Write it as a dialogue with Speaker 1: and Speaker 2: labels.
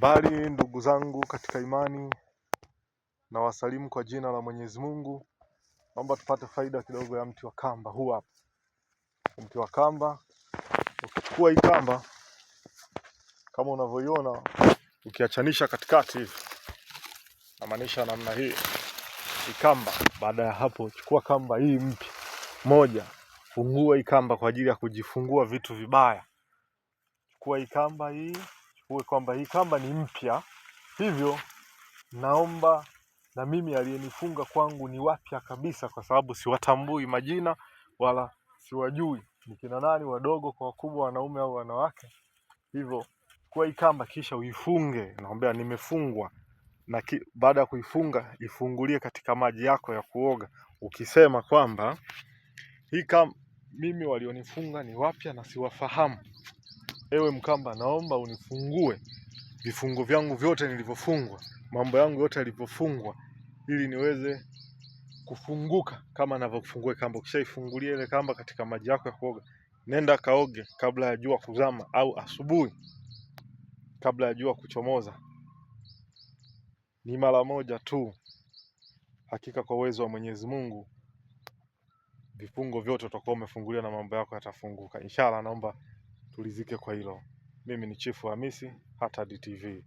Speaker 1: Bali ndugu zangu katika imani, na wasalimu kwa jina la Mwenyezi Mungu. Naomba tupate faida kidogo ya mti wa kamba. Huu hapa mti wa kamba. Ukichukua hii kamba kama unavyoiona, ukiachanisha katikati hivi, namaanisha namna hii ikamba Baada ya hapo, chukua kamba hii mpya moja, fungua ikamba kwa ajili ya kujifungua vitu vibaya. Chukua hii kamba hii uwe kwamba hii kamba ni mpya, hivyo naomba na mimi aliyenifunga kwangu ni wapya kabisa, kwa sababu siwatambui majina wala siwajui ni kina nani, wadogo kwa wakubwa, wanaume au wanawake. Hivyo kwa hii kamba kisha uifunge, naombea nimefungwa na ki, baada ya kuifunga ifungulie katika maji yako ya kuoga, ukisema kwamba hii kamba, mimi walionifunga ni wapya na siwafahamu. Ewe Mkamba, naomba unifungue vifungo vyangu vyote nilivyofungwa, mambo yangu yote yalivyofungwa, ili niweze kufunguka kama navyofungua kamba. Ukishaifungulia ile kamba katika maji yako ya kuoga, nenda kaoge kabla ya jua kuzama, au asubuhi kabla ya jua kuchomoza. Ni mara moja tu. Hakika kwa uwezo wa Mwenyezi Mungu vifungo vyote utakuwa umefungulia na mambo yako yatafunguka, inshallah. Naomba tulizike kwa hilo. Mimi ni Chifu Hamisi, Hatad TV.